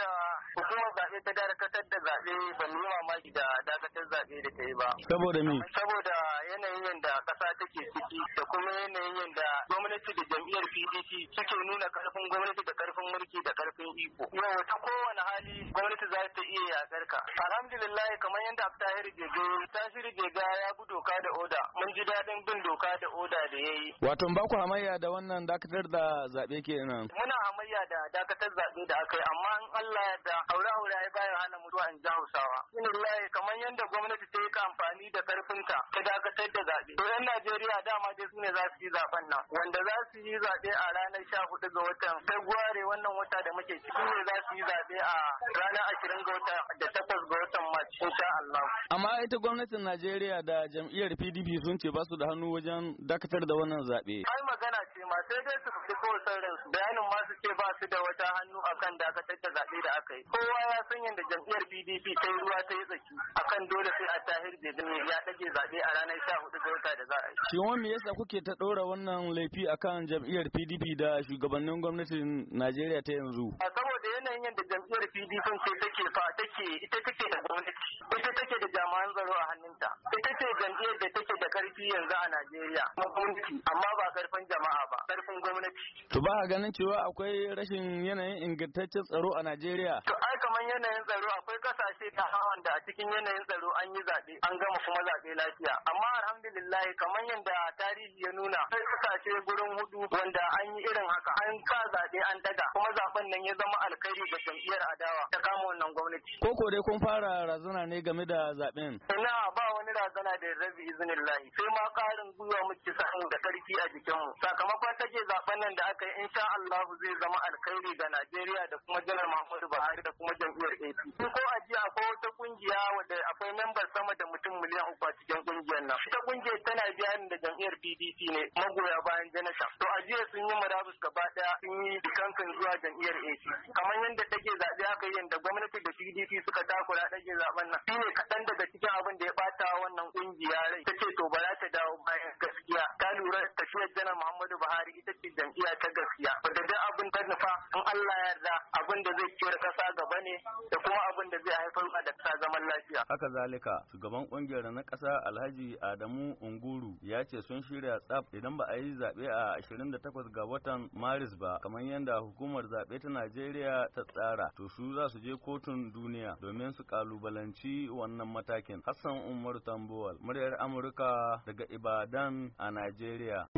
da hukumar zaɓe ta dakatar da zaɓe ban yi mamaki da dakatar zaɓe da ta yi ba. Saboda me? Saboda yanayin da ƙasa take ciki da kuma yanayin da gwamnati da jam'iyyar PDP suke nuna karfin gwamnati da karfin mulki da karfin iko. Yau ta kowane hali gwamnati za ta iya yakar ka. Alhamdulillah kamar yadda Abtahir Jege Tashir Jega ya bi doka da oda. Mun ji daɗin bin doka da oda da yayi. yi. Wato ba ku hamayya da wannan dakatar da zaɓe kenan. Muna hamayya da dakatar zaɓe da aka yi amma in Allah ya da aure aure ya bayar hana mutuwa in ji Hausawa. Alhamdulillah kamar yadda gwamnati ta yi amfani da karfinta ta dakatar da zaɓe. To 'yan Najeriya dama dai su ne za su yi zaɓen nan wanda za su yi zaɓe a ranar sha hudu ga watan Februari wannan wata da muke ciki ne za su yi zaɓe a ranar ashirin ga wata da takwas ga watan March insha Allah. Amma ita gwamnatin Najeriya da jam'iyyar PDP sun ce ba su da hannu wajen dakatar da wannan zaɓe. Ai magana ce ma sai dai su fi kawai bayanin ma su ce ba su da wata hannu akan dakatar da zaɓe da aka yi. Kowa ya san yadda jam'iyyar PDP ta yi ruwa ta yi tsaki akan dole sai a tahir da ya ɗage zaɓe a ranar sha hudu ga wata da za a yi. me yasa kuke ta ɗora wannan laifi a kan jam'iyyar PDP da shugabannin gwamnatin Najeriya ta yanzu? Saboda yanayin yadda jam'iyyar PDP ce take fa take ita take da gwamnati, ita take da jami'an tsaro a hannunta, ita ce jam'iyyar da take da karfi yanzu a Najeriya, gwamnati amma ba karfin jama'a ba, karfin gwamnati. To ba ganin cewa akwai rashin yanayin ingantaccen tsaro a Najeriya. To ai kamar yanayin tsaro akwai kasashe ta hawan da a cikin yanayin tsaro an yi zaɓe, an gama kuma zaɓe lafiya. Amma alhamdulillah kamar yadda ta tarihi ya nuna sai kasashe gurin hudu wanda an yi irin haka an ka zaɓe an daga kuma zaɓen nan ya zama alkhairi ga jam'iyyar adawa ta kama wannan gwamnati. Ko ko dai kun fara razana ne game da zaɓen? a ba wani razana da rabi iznillahi sai ma karin gwiwa muke sa da karfi a jikinmu sakamakon take zaɓen nan da aka yi insha Allah zai zama alkhairi ga Najeriya da kuma janar Muhammadu Buhari da kuma jam'iyyar AP. Ko a jiya akwai wata kungiya wadda akwai membar sama da mutum miliyan uku a cikin kungiyar nan. Ita kungiyar tana biya da jam'iyyar PDP ne magoya bayan Janasha. To a jiya sun yi murabus gaba daya sun yi dukankan zuwa jam'iyyar AC. Kamar yadda take zaɓe aka yi yadda gwamnati da PDP suka takura ɗage zaɓen nan. Shi ne kaɗan daga cikin abin da ya ɓata wannan ƙungiya rai. Ta ce to ba za ta dawo bayan gaskiya. Ta lura tafiyar Janar Muhammadu Buhari ita ce jam'iyya ta gaskiya. Ba da in Allah ya yarda abin da zai kiyar kasa gaba ne da kuma abin da zai haifar a da kasa zaman lafiya. Haka zalika shugaban kungiyar na kasa Alhaji Adamu Unguru ya ce sun shirya tsaf idan ba a yi zaɓe a 28 ga watan Maris ba kamar yadda hukumar zaɓe ta Najeriya ta tsara to su za su je kotun duniya domin su kalubalanci wannan matakin. Hassan Umar Tambuwal, muryar Amurka daga Ibadan a Najeriya.